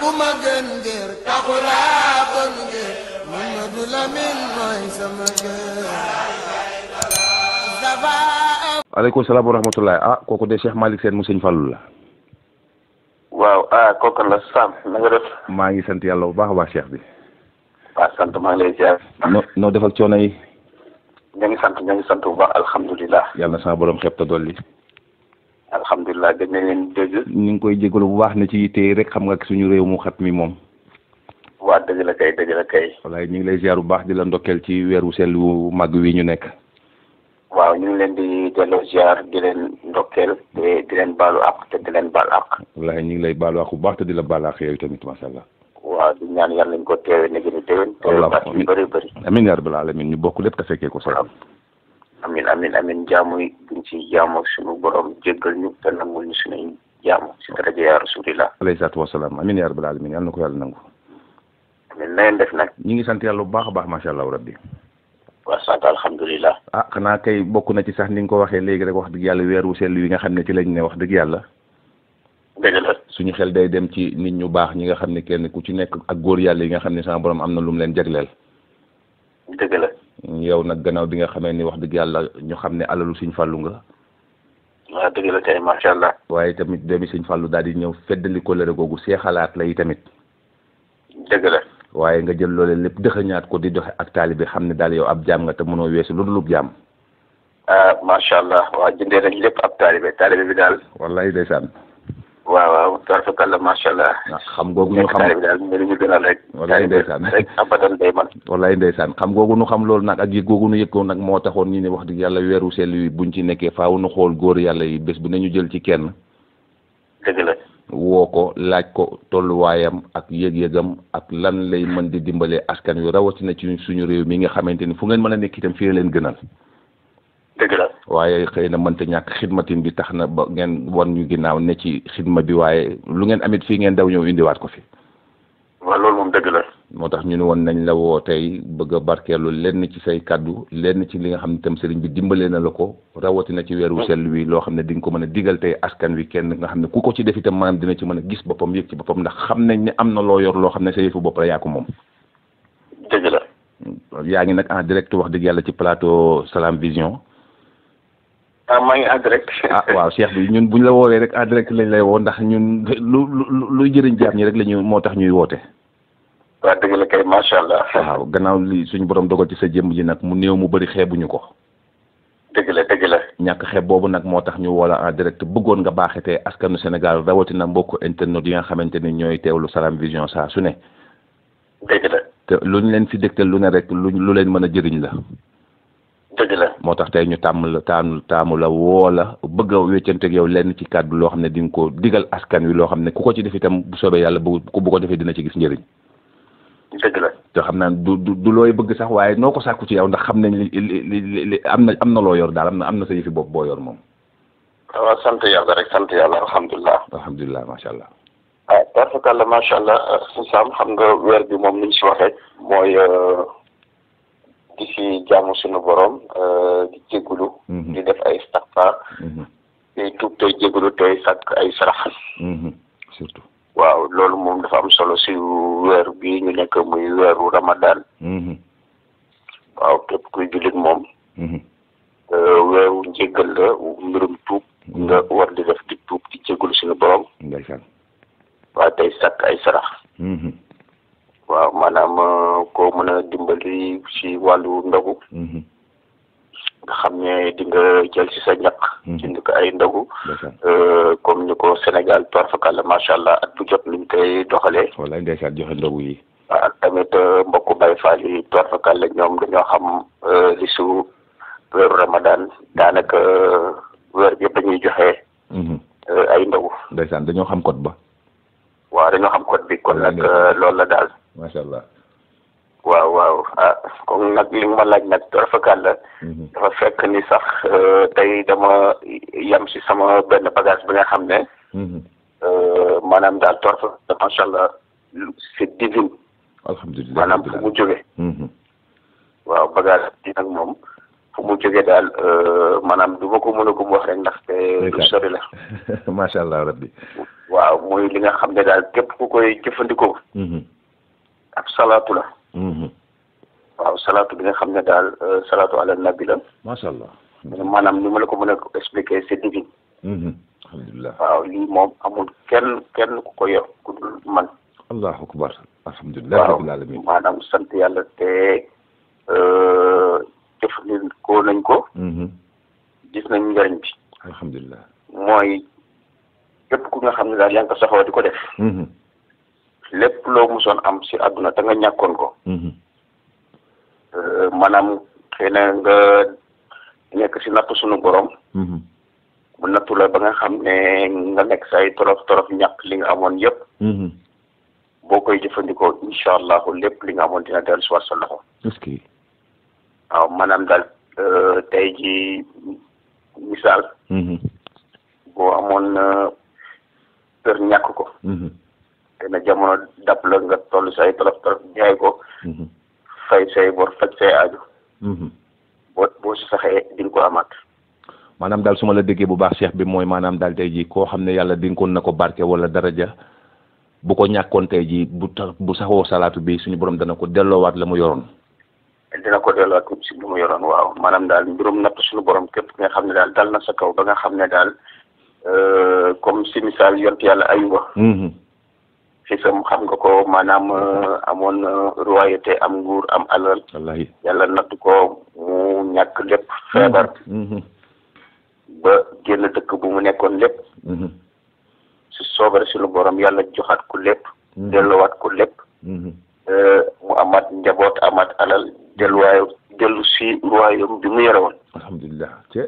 ku ma gën ngir taxulaa bon ngir Mamadou Lamine mooy sama gën aleykum salaam wa rahmatulah ah kooku de Cheikh Malick Sène mu sëñ Fallou la. waaw ah kooku la Sam na nga def. maa ngi sant yàlla bu baax a baax Cheikh bi. waaw ah, sant maa ngi lay ziar. noo noo defal coono yi. ñoo ngi sant ñoo ngi sant bu baax alhamdulilah. yàlla na sama borom xeeb te dolli. alhamdulilah gëj na leen ñu ngi koy jégalu bu baax na ci yitte rek xam nga ak suñu réew mu xat mi moom. waa dëgg la kay dëgg la kay. walaay ñu ngi lay ziar bu baax di la ndokkeel ci weeru sel wu mag wi ñu nekk. waaw ñu ngi leen di delloo di leen ndokkeel te di leen ak àq te di ngi lay baalu àq bu baax di la baal àq yooyu tamit macha allah. waaw di ñaan yàlla ñu ko teewee nekk ni déwén. te baax yu bëri bëri. amiin yaa alamin ñu bokk lépp te fekkee ko. waaw amin amin amin jaamu yi buñ ci jaamu suñu borom jéggal ñu te nangul ñu suñuy jaamu si daraja yaa rasulillah alayhi salaatu wasalaam amin yaa rabbal alamin yàlla na ko yàlla nangu amin na ngeen def nag ñi ngi sant yàlla bu baax baax macha allah rabbi waaw sant alhamdulilah ah xanaa kay bokk na ci sax ni nga ko waxee léegi rek wax dëgg yàlla weer wu sell wi nga xam ne ci lañ ne wax dëgg yàlla suñu xel day dem ci nit ñu baax ñi nga xam ne kenn ku ci nekk ak góor yàlla yi nga xam ne sama borom am na lu mu leen jagleel dëgg la yow nag gannaaw bi nga xamee ni wax dëgg yàlla ñu xam ne alalu suñ fàllu nga. waaw dëgg la kay macha allah. waaye tamit doomi suñ fàllu daal di ñëw feddali kóllëre googu seexalaat la yi tamit. dëgg la. waaye nga jël loole lépp dëxëñaat ko di doxe ak taalibe xam ne daal yow ab jaam nga te mënoo weesu lu dul jàmm ah macha allah waa jëndee nañ lépp ab taalibe taalibe bi daal. wallahi ndeysaan. waaw waaw tarfakalla macha allah. xam googu ñu xam nekk daal ñu gënal rek. walaay ndeysaan rek abadan day man. walaay xam googu ñu xam loolu nag ak yëg googu ñu yëg ko nag moo taxoon ñu ne wax dëgg yàlla weeru sell yi buñ ci nekkee faaw nu xool góor yàlla yi bés bu nañu jël ci kenn. dëgg woo ko laaj ko tolluwaayam ak yëg-yëgam ak lan lay mën di dimbalee askan wi rawatina ci suñu réew mi nga xamante ni fu ngeen mën a nekk itam fii leen gënal. dëgg la waaye xëy na mënta ñàkk xidmatin bi tax na ba ngeen wan ñu ginnaaw ne ci xidma bi waaye lu ngeen amit fii ngeen daw ñëw indiwaat ko fi. waaw loolu moom dëgg la. tax ñu ne woon nañ la woo bëgg a barkeelu lenn ci say kaddu lenn ci li nga xam ne tam sëriñ bi dimbalee na la ko rawatina ci weeru sell wi loo xam ne di ko mën a digal tey askan wi kenn nga xam ne ku ko ci def itam maanaam dina ci mën gis boppam yëg ci boppam xam nañ ne am na loo loo xam ne sa yëfu bopp la yaa ngi nag en direct wax dëgg yàlla ci plateau Salam Vision. ah maa ngi en direct. Ah, waaw seex bi ñun bu buñ la woowee rek en direct lañu lay woo ndax ñun lu lu lu jëriñ jaam ñi rek la ñu moo tax ñuy woote. waaw dëgg la kay macha allah. waaw gannaaw suñu borom dogal ci sa jëmm ji nag mu néew mu bëri xeebuñu ko. dëgg la dëgg la. ñàkk xeeb boobu nag moo tax ñu woola en direct bëggoon nga baaxetee askanu Sénégal rawatina mbokk internet yi nga xamante ni ñooy teewlu Salam Vision saa su ne. dëgg la. te luñ leen fi dégtal lu ne rek lu lu leen mën a jëriñ la. dëgg la moo tax tey ñu tàmm la taanu la woo la bëgg a wéccanteeg yow lenn ci kàddu loo xam ne di nga ko digal askan wi loo xam ne ku ko ci def itam bu soobee yàlla bu bu ko defee dina ci gis njëriñ. dëgg la te xam naa du du du looy bëgg sax waaye noo ko sàkku ci yow ndax xam nañ li li li am na am na loo yor daal am na am na sa yëfi bopp boo yor moom. waaw sant yàlla rek sant yàlla alhamdulilah. alhamdulilah macha allah. ah barkalla macha allah euh, Sam xam nga weer bi moom ni ñu si waxee mooy. Euh, di si jaamu suñu borom euh, di jégalu. Mhm. di def ay istighfar. tey mhm. tuub tey jégalu tey sàkk ay sarax. Mhm. surtout waaw loolu moom dafa am solo si weer bi ñu nekk muy weeru Ramadan. waaw képp kuy jullit moom. Euh, weeru njéggal la mbirum tuub. nga war di def di tuub di jégalu suñu borom. ndeysaan waaw tey sàkk ay sarax. waaw maanaam euh, koo mën a dimbali si wàllu ndogu. Mhm. nga xam ne di nga jël si sa ñaq. Mhm. jënd ko ay ndogu. Euh, comme ñu ko Sénégal torfakala macha allah at bu jot luñ koy doxalee. wala ndeysaan joxe ndogu yi. ak tamit euh, mbokku Baye Fall yi torfakala ñoom dañoo xam li su weeru Ramadan daanaka weer yëpp dañuy joxe. Mhm. ay ndogu. ndeysaan dañoo xam code ba. waaw dañoo xam code bi kon nag loolu la daal. macha allah. waaw waaw ah nag li ma laaj nag rafetal la. Mhm. dafa fekk ni sax euh, tey dama yam si sama benn bagage bi nga xam ne. Mhm. Euh, maanaam daal torf macha allah c'est divine. fu mu jógee. Mhm. waaw bagage bi nag moom fu mu jógee daal euh, maanaam du ma ko mën a gum wax rek ndaxte lu sori la. macha allah rabbi. waaw mooy li nga xam ne daal képp ku koy jëfandikoo. ak salaatu mhm. waaw salaatu bi nga xam ne daal euh, salaatu ala nabi la. allah. maanaam ni ma la ko mën a expliquer c'est divin. Mhm. alhamdulilah waaw lii moom amul kenn kenn ku ko yor ku man. allahu akbar alhamdulilah maanaam sant yàlla te jëfandikoo euh, nañ ko. Mhm. gis nañ njëriñ bi. alhamdulilah mooy képp ku nga xam ne daal yaa ngi ko di ko def. lépp loo musoon am ci àdduna te nga ñàkkoon ko mhm. euh, maanaam xëy na nga nekk si natt suñu borom mhm. bu nattu la ba nga xam ne nga nekk say torof torof ñàkk li nga amoon yëpp mhm. boo koy jëfandikoo incha allahu lépp li nga amoon dina dellu si waat sa loxo waaw maanaam daal euh, tey ji misaal boo amoon peur ñàkk ko te na jamono dab la nga toll say tolof tolof jaay ko mhm. fay say bor faj say aaju mhm. boo boo si saxee di nga ko amaat maanaam daal suma la déggee bu baax seex bi mooy maanaam daal tey jii koo xam ne yàlla dénkoon na ko barke wala daraja bu ko ñàkkoon tey jii bu tax bu saxoo salaatu bi suñu borom dana ko delloowaat la mu yoroon dina ko delloowaat si li mu yoroon waaw maanaam daal mbirum suñu borom képp ki nga xam ne daal dal na sa kaw ba nga xam ne daal euh, comme si misaal yont yàlla ayuba mhm. fisam xam nga ko maanaam euh, amoon euh, royauté am nguur am alal yàlla nattu ko mu ñàkk lépp feebar mm-hmm. Mm-hmm. ba génn dëkk bu mu nekkoon lépp mm-hmm. su soobare suñu borom yàlla joxaat ko lépp delluwaat ko lépp euh, mu amaat njaboot amaat alal delluwaayu dellu si royaume bi mu yore woon alhamdulilah te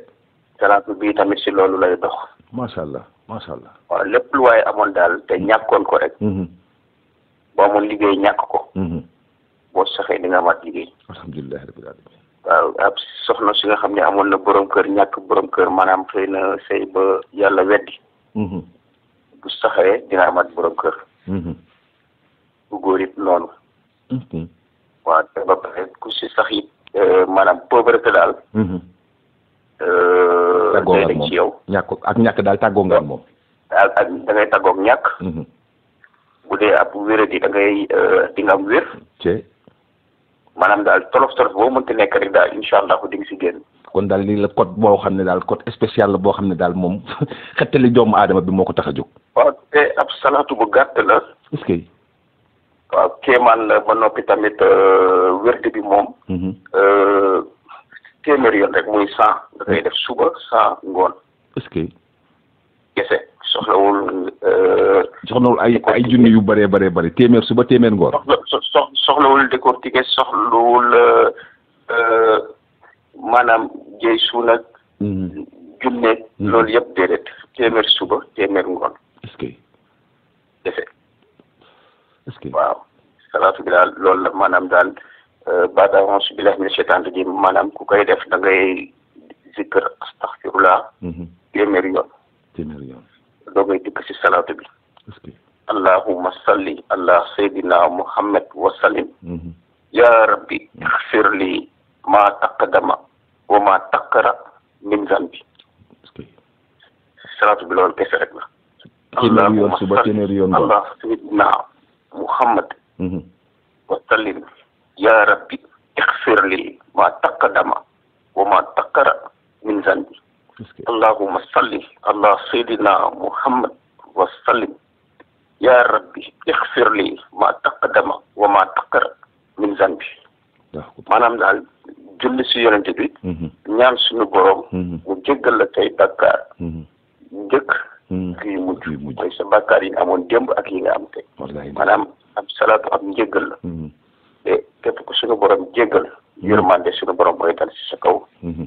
salaatu bi tamit si loolu lay dox macha allah macha allah. waaw lépp lu waaye amoon daal te ñàkkoon ko rek. Mhm. boo amoon liggéey ñàkk ko. Mhm. boo saxee di nga amaat liggéey. alhamdulilah rabbil alamin. waaw ab soxna si nga xam ne amoon na borom kër ñàkk boroom kër maanaam xëy na sëy ba yàlla weddi. Mhm. bu saxee dina amaat borom kër. bu góor it noonu. waaw te ba pare ku si sax it euh, maanaam pauvreté daal. Euh, tàggoo ak moom ci yow. ñàkk ak ñàkk daal tàggoo nga ak moom. ak ak da ngay tàggoo ak ñàkk. Mhm. bu dee ab wéradi da ngay euh, am wér. maanaam daal tolof tolof boo mënti nekk rek daal incha allah di nga si génn. kon daal lii la code boo xam ne daal code spécial la boo xam ne daal moom xettali doomu aadama bi moo ko tax a jóg. waaw te ab salaatu bu gàtt la. est waaw kéemaan la ba noppi tamit euh, wérdi bi moom. Mhm. téeméer yoon rek muy cent eh. da koy def suba cent ngoon. est-ce que. soxlawul. Euh, soxlawul ay ay junni yu bëree bëree bëri téeméer suba téeméer ngoon. soxla soxlawul décortiquer soxlawul euh, euh, maanaam jëy suuna. Mm-hmm. junne. Mm-hmm. loolu yëpp déedéet téeméer suba téeméer ngoon. est-ce que. waaw salaatu bi daal loolu la maanaam daal. Euh, ba d'avance billahi a sheytaan rajim maanaam ku koy def da ngay zikkër astaxfirullah mhm. téeméeri yoon doo ngay dikk si salaatu bi allahumma salli ala sayyidina muhammad wa sallim mhm. ya rabbi ixfir li ma taqdama wa ma taqara min zanbi salaatu bi loolu kese rek la allahumma salli ala sayyidina muhammad mhm. wa yaa rabbi ixfir li ma taqaddama wa ma taqara min zanbi allahumma salli ala sayyidina muhammad wa sallim yaa rabbi ixfir li ma taqaddama wa ma taqara min zanbi maanaam daal julli si yonent bi mhm. ñaan suñu boroom mhm. mu jéggal la tey bakkaar mhm. njëkk kii mujj mooy sa bakkaar yi nga amoon démb ak yi nga am tey maanaam am salaatu am njéggal la jéggal yërmande suñu borom mooy dal ci sa kaw. Mhm.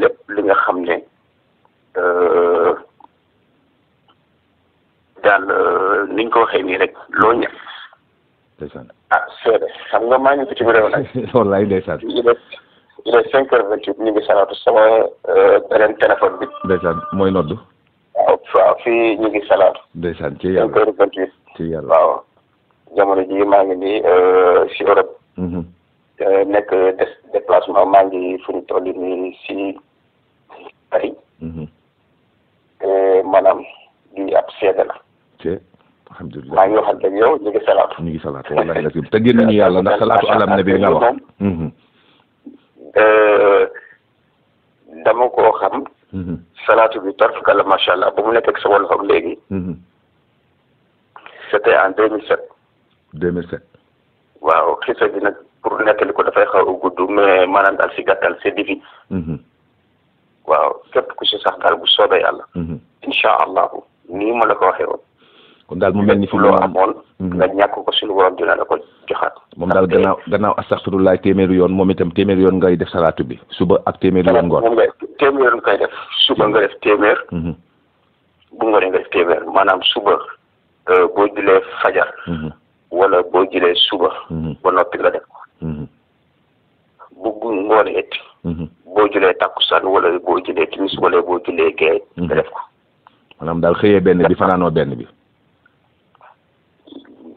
lépp li nga xam ne euh, daal euh, niñ ko waxee nii rek loo ñëw. ndeysaan ah seede xam nga maa ngi fi ci réew nag. wallaay ndeysaan. il est cinq ñu ngi salaatu sama euh, beneen téléphone bi. ndeysaan mooy noddu. waaw waaw fii ñu ngi salaatu. ndeysaan ci yàlla waaw jamono jii maa ngi nii si Europe. Mhm. Euh, nekk des déplacement maa ngi fu ñu toll nii si Paris. Mhm. maanaam lii ab seede la. alhamdulilah maa ngi wax ak yow ñu ngi salaatu. ñu ngi salaatu wallaahi la te génn ñu yàlla alam nabi nga wax. Mhm. Euh, dama koo xam. Mhm. salaatu bi tarfukala macha allah ba mu nekk ak sa wàllu léegi. c'était en 2007. 2007. waaw xisa bi nag. pour nettali ko dafay xaw a gudd mais maanaam daal si gàttal c'est divin mhm. waaw képp ku si sax daal bu soobee yàlla mhm. incha allahu nii ma la ko waxee woon kon daal mu mel ni fi loo amoon mhm. nga ñàkk ko suñu borom dina la ko joxaat moom daal gannaaw gannaaw astaxfirullaah téeméeri yoon moom itam téeméeri yoon ngay def salaatu bi suba ak téeméeri yoon ngoon moom nga téeméer def suba nga def téeméer bu nga def téeméer maanaam suba euh, boo jëlee fajar wala boo jëlee suba ba Mm-hmm. bu ngoon it mm-hmm. boo julee takkusaan wala boo julee timis wala boo julee gee mm-hmm. nga def ko maanaam daal xëyee benn bi fanaanoo benn bi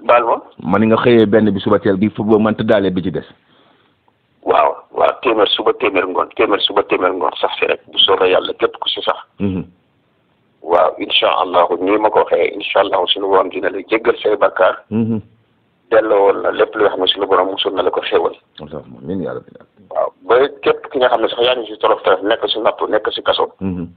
baal ma ma ni nga xëyee benn bi suba teel bi fu boo mën tëddaalee bi ci des waaw waaw téeméer suba téeméer ngoon téeméer suba téeméer ngoon sax fi rek bu soobee yàlla képp ku si sax waaw incha allahu nii ma ko waxee incha allahu suñu woon dina la jéggal say bakkaar delloo woon lépp li nga xam ne suñu borom mosul na la ko xéewal. waaw ba képp ki nga xam ne sax yaa ngi si torof torof nekk si napp nekk si kaso. Mm-hmm.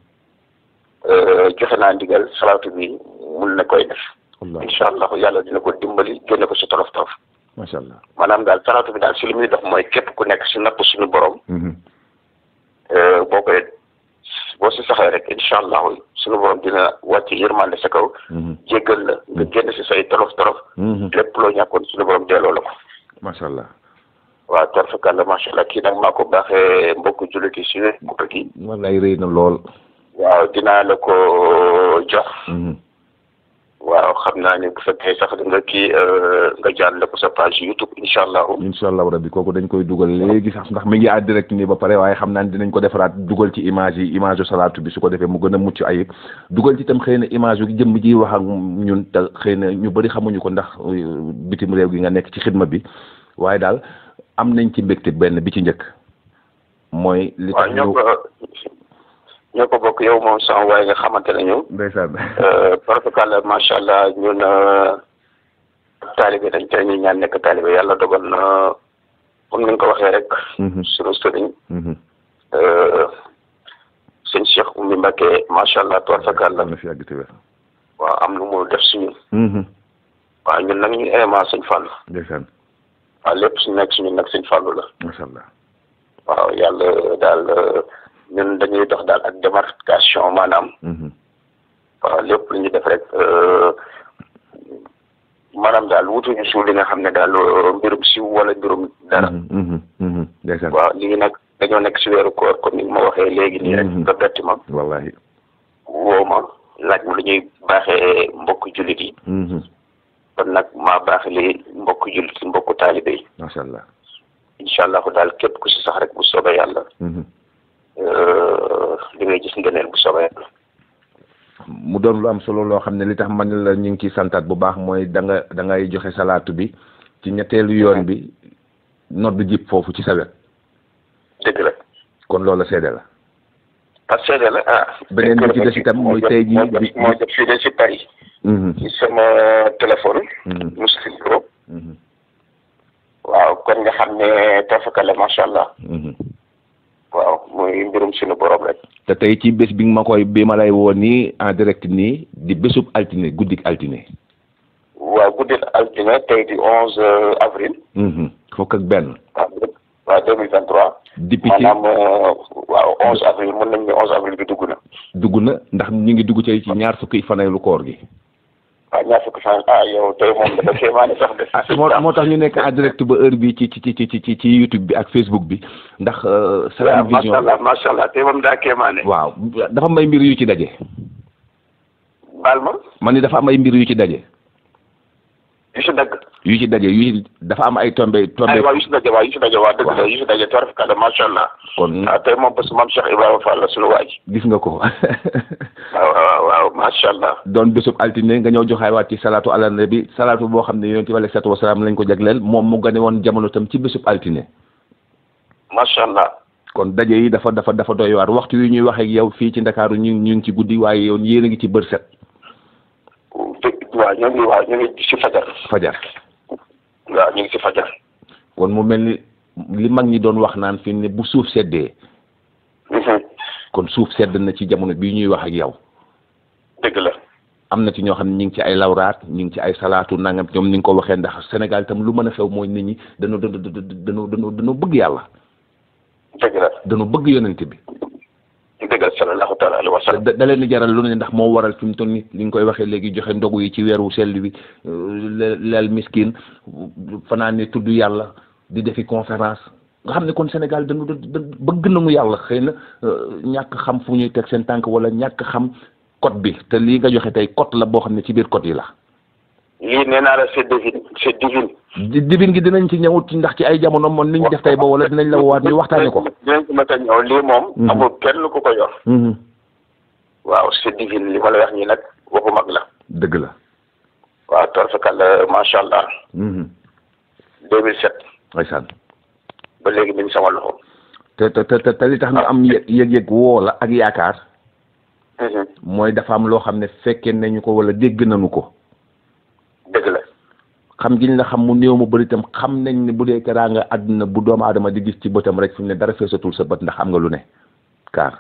Euh, joxe naa ndigal salaatu bi mun na koy def. incha allah yàlla dina ko dimbali génne ko si torof torof. macha allah maanaam daal salaatu bi daal si li muy def mooy képp ku nekk si napp suñu borom. Mm-hmm. Euh, boo koy boo si saxee rek incha allahu suñu borom dina wàcc yërmande sa kaw. Mhm. jéggal la nga mhm. génn si say tolof tolof. Mhm. lépp loo ñàkkoon suñu borom delloo la ko. macha allah. waaw tarfakalla macha allah kii nag maa ko baaxee mbokku jullit yi suñu mbokk yi. wallaay rëy na lool. waaw dinaa la ko jox. waaw xam naa ne bu fekkee sax nga kii euh, nga jàllale ko sa page YouTube incha allahu. incha allahu kooku dañ koy dugal léegi sax ndax mi ngi à direct nii ba pare waaye xam naa ne dinañ ko defaraat dugal ci image yi image salaatu bi su ko defee mu gën a mucc ayib dugal ci tam xëy na image yu jëmm ji wax ak ñun te xëy na ñu bëri xamuñu ko ndax euh, bitim réew gi nga nekk ci xidma bi waaye daal am nañ ci mbégte benn bi ci njëkk. mooy li tax ñu ñoo ko bokk yow moom sama waaye nga xamante ne ñu. ndeysaan. Euh, parce que macha allah ñun euh, taalibe dañ te ñu ñaan nekk taalibe yàlla dogal na comme ni nga ko waxee rek. Mhm. sunu sëriñ. Mhm. Euh, sëñ Cheikh Oumy Mbacké macha allah tubarfakalla. waaw am lu mu def suñu. Mhm. waaw ñun nag ñu élément sëñ Fallou. waaw lépp suñu nekk suñu nag sëñ Fallou la. macha allah. waaw yàlla daal. ñun dañuy dox daal ak démarcation maanaam. Mhm. waaw lépp lu ñu def rek euh, maanaam daal wutuñu suuf li nga xam ne daal euh, mbirum si wala mbirum dara. Mhm, mhm, waaw ñu ngi nag dañoo nekk si weeru koor comme ni ma waxee léegi nii rek. nga bett ma. wallaahi. woo laaj ma lu ñuy baaxee mbokk jullit yi. kon nag maa baaxali mbokk jullit mbokk taalibe yi. macha allah. incha allahu daal képp ku si sax rek bu soobee yàlla. Euh, mu doon lu am solo loo xam ne li tax man la ñu ngi ciy santaat bu baax mooy da nga joxe salaatu bi ci ñetteelu yoon bi nodd jib foofu ci sa wet. dëgg la. kon loola seede la. la ah. beneen bi des itam mooy tey jii bi moo jot fii de Paris. Mhm. sama téléphone. Mhm. Moussa Diop. Mhm. waaw kon nga xam ne tafaka la allah. waaw muy mbirum suñu borom rek. te tey ci bés bi ma koy bi ma lay woo nii en direct nii di bésub altine guddik altine. waaw guddik altine tey di onze avril. Mhm, fukk ak benn. waaw deux mille vingt trois. depuis ci maanaam euh, waaw onze avril mën nañu ne onze avril bi dugg na. dugg na ndax ñu ngi dugg ci ñaar fukki fan lu koor gi. waaw ñaar fukki fan ah, ah moo moo tax ñu nekk en direct ba heure bi ci ci ci ci ci YouTube bi ak Facebook bi ndax. Euh, Salam Vision waaw macha allah macha moom daa kéemaane. waaw dafa may mbir yu ci daje. man ni dafa am ay mbir yu ci daje. yu ci dagg. yu ci daje yu dafa am ay tombé. tombé ay waaw yu ci daje waaw yu ci daje waaw dëgg la yu ci daje torop kàlla macha allah. kon ah tey moom parce que maam Cheikh Ibrahima Fall la suñu waaj. gis nga ko. waaw waaw macha allah. doon bésub altine nga ñëw joxaay waat ci salaatu ala bi salaatu boo xam ne yonent bi alayhi salaatu wasalaam lañ ko jagleel moom mu gane woon jamono tam ci bésub altine. macha kon daje yi dafa dafa dafa doy waar waxtu wi ñuy wax yow fii ci ndakaaru ñu ñu ngi ci guddi waaye yow ngi ci bërset. waaw ñu fajar. fajar. waaw ñu ngi si fajar. kon mu mel ni li mag ñi doon wax naan fi ni bu suuf seddee. Mhm. kon suuf sedd na ci jamono bii ñuy wax ak yow. dëgg am na ci ñoo xam ñu ngi ci ay lawraat ñu ngi ci ay salaatu nangam ñoom ni nga ko waxee ndax Sénégal itam lu mën a xew mooy nit ñi dañoo dañoo dañoo dañoo bëgg yàlla. dëgg la dañoo bëgg bi. da leen di jaral lu ne ndax moo waral fi mu toll nii li nga koy waxee léegi joxe ndogu yi ci weeru sell bi leel miskin fanaan ne tudd yàlla di defi conférence. nga xam ne kon Sénégal dañu da bëgg nañu yàlla xëy na euh, ñàkk xam fu ñuy teg seen tànk wala ñàkk xam code bi te lii nga joxe tey code la boo xam ne ci biir code yi la. lii nee naa la c'est divin c'est divin. divin gi dinañ ci ñëwut ndax ci ay jamono moom ni ñu def tey ba wala dinañ la woowaat ñu waxtaanee ko. dinañ ci mën a ñëw mhm. kenn ku ko yor. Mhm. waaw c'est divin li ma la wax nii nag waxu mag la. dëgg la. waaw torfakal la macha allah. 2007. Mhm. ndeysaan. ba léegi mi ngi sama loxo. te te te li tax ñu am ah. yëg yëg woo la ak yaakaar. Mhm. mooy dafa am loo xam ne fekke nañu ko wala dégg nañu ko. dëgg la. xam giñ la xam mu néew mu bari tam xam nañ ne bu dee teraanga àdduna bu doomu aadama di gis ci bëtam rek fi mu ne dara feesatul sa bët ndax am nga lu ne. kaar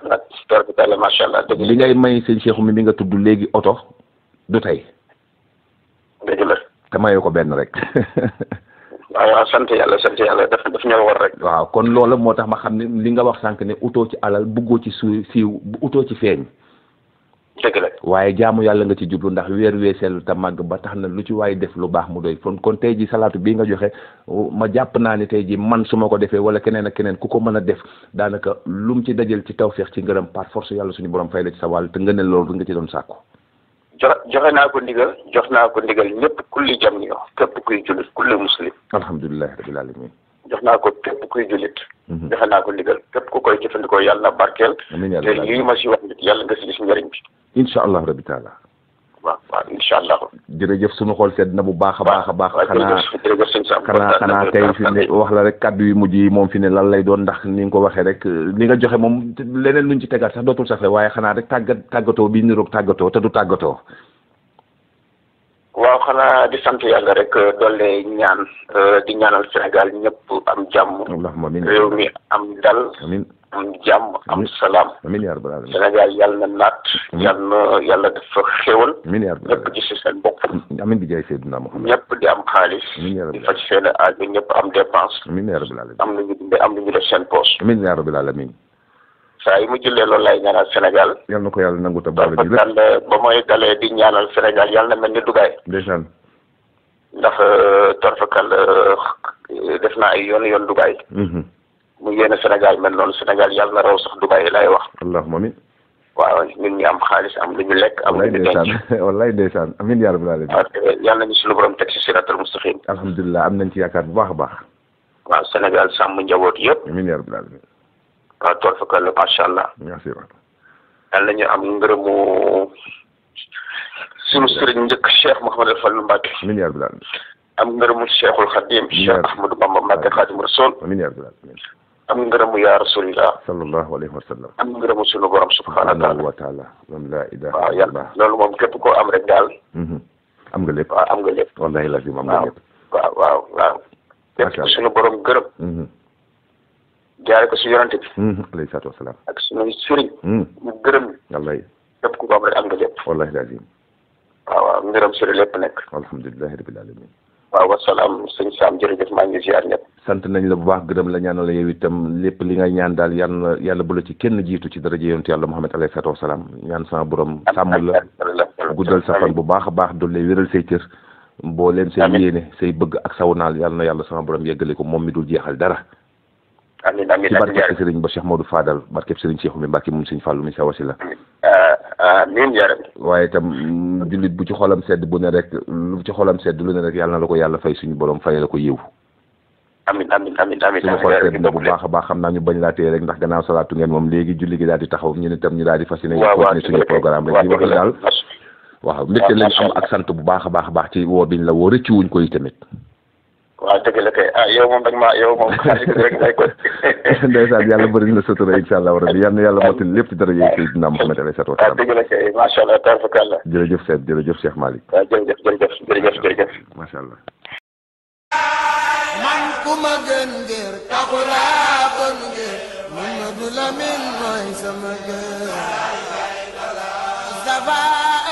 macha li ngay may sëñ Cheikh mi mi nga tudd léegi oto du tey. dëgg la. te mayu ko benn rek. waaw yàlla sant kon loola moo tax ma xam ne li nga wax sànq ne utoo ci alal buggoo ci suuf siiw bu utoo ci feeñ. dëgg la waaye jaamu yàlla nga ci jublu ndax weer weeseelu te màgg ba tax na lu ci waaye def lu baax mu doy kon kon tey ji salaatu bii nga joxe ma jàpp naa ne tey ji man su ma ko defee wala keneen ak keneen ku ko mën a def daanaka lum ci dajal ci tawféex ci ngërëm par force yàlla suñu borom fay la ci sa nga ne loolu nga ci doon sàkku. naa ko ndigal jox naa ko ndigal ñëpp kulli jam yo képp kuy jullit kulli muslim. alhamdulilah jox naa ko képp kuy mhm. naa ko ndigal képp ku koy jëfandikoo yàlla na barkeel. amiin yàlla wax nit yàlla nga si gis njëriñ bi incha allah rabi taala. waaw waaw incha allah. jërëjëf sunu xool sedd na bu baax a baax a baax. xanaa xanaa xanaa tey fi wax la rek kàddu yi mujj yi moom fi ne lan lay doon ndax ni nga ko waxee rek li nga joxe moom leneen luñ ci tegaat sax dootul sax waaye xanaa rek tàggat tàggatoo bi niroog tàggatoo te du tàggatoo. waaw xanaa di sant yàlla rek doole ñaan di ñaanal Sénégal ñëpp am jàmm. réew mi am dal. am jàmm am salaam. milliard balaa Sénégal yàlla na naat. yàlla na yàlla dafa xéwal. milliard balaa ñëpp gis seen bopp. amiin ñëpp di am xaalis. di faj seen aajo ñëpp am dépense. milliard balaa am na ñu dundee am lu ñu def seen poche. milliard balaa la miin. saa yi mu jëlee loolu laay ñaanal senegal yal na ko yàlla nangu te baal ñu lépp ba mooy dalee di ñaanal Sénégal yàlla na mel ni Dugaay. ndeysaan. ndax euh, torfakal euh, def naa ay yoon yoon Dugaay. Mhm. mu yéene senegal mel noonu Sénégal yàlla na raw sax wax. allahumma amiin. waaw ñun ñi am xaalis am lu ñu lekk. am lu ñu denc wallaay ndeysaan amiin yaa rabbal aalamiin. yàlla nañu suñu borom teg si siraatal mustaqim. alhamdulilah am nañ ci yaakaar bu baax a baax. waaw Sénégal sàmm njaboot yëpp. amiin yaa rabbal aalamiin. waaw tool fa kàlla macha allah. merci beaucoup. am ngërëmu suñu sëriñ njëkk Cheikh Mouhamadou Fallou Mbacke. amiin yaa rabbal aalamiin. am ngërëmu Cheikhul Khadim. amiin yaa rabbal am ngërëmu yaa rasulillah sallallahu alayhi wa sallam am ngërëmu sunu borom subhanahu wa taala moom laa ilaha waaw yàlla loolu moom képp koo am rek daal mhm. am nga lépp waaw am nga lépp wallahi la bi am nga lépp waaw waaw waaw lépp ko sunu borom gërëm mhm. jaare ko si yonante bi mhm, alayhi salaatu wasalaam ak sunu sëriñ mu gërëm wallahi képp ku ko am rek am nga lépp wallahi lazim waaw waaw ngërëm si lépp nekk alhamdulilahi rabbil alamin waaw wasalaam sëñ maa ngi ziar sant nañ la bu baax gërëm la ñaanal yow tam lépp li nga ñaan daal yàlla yàlla bu la ci kenn jiitu ci daraja yonent yàlla Muhammad alayhi salaatu wasalaam ñaan sama borom. sàmm la guddal sa fan bu baax a baax doole wéral say cër. boo leen say yéene say bëgg ak saw yàlla na yàlla sama borom yeggale ko moom mi dul jeexal dara. amiin amiin amiin barkeb Serigne ba Cheikh Modou Fadal barkeb Serigne Cheikh mi Mbacke moom Serigne Fallou mi sa wasila. amiin waaye tam mm, jullit bu ci xolam sedd bu ne rek lu ci xolam sedd lu ne rek yàlla na la ko yàlla fay suñu borom fay la ko yiw. amiin amiin amiin amiin suñu xol sedd baax a baax xam naa ñu bañ ndax gannaaw salaatu ngeen moom léegi julli gi daal di taxaw ñu ne itam ñu daal di fas yéene. waaw waaw suñu programme rek ñu daal. waaw mbégte lañ am ak sant bu baax a baax baax ci woo biñ la woo rëcc wuñ ko tamit waa dëgg la kay ah yow moom dag maa yow moom rek day ko ndeysaan yàlla bëri na sutura incha na yàlla mottali lépp dara yéeg Seydina Mouhamed alayhi salaatu wa ah, salaam dëgg la kay macha allah tabarakalla jërëjëf Seyd jërëjëf Cheikh Malick waaw ah, jërëjëf jërëjëf jërëjëf man ku ma gën ngir taxulaa kon ngir Mamadou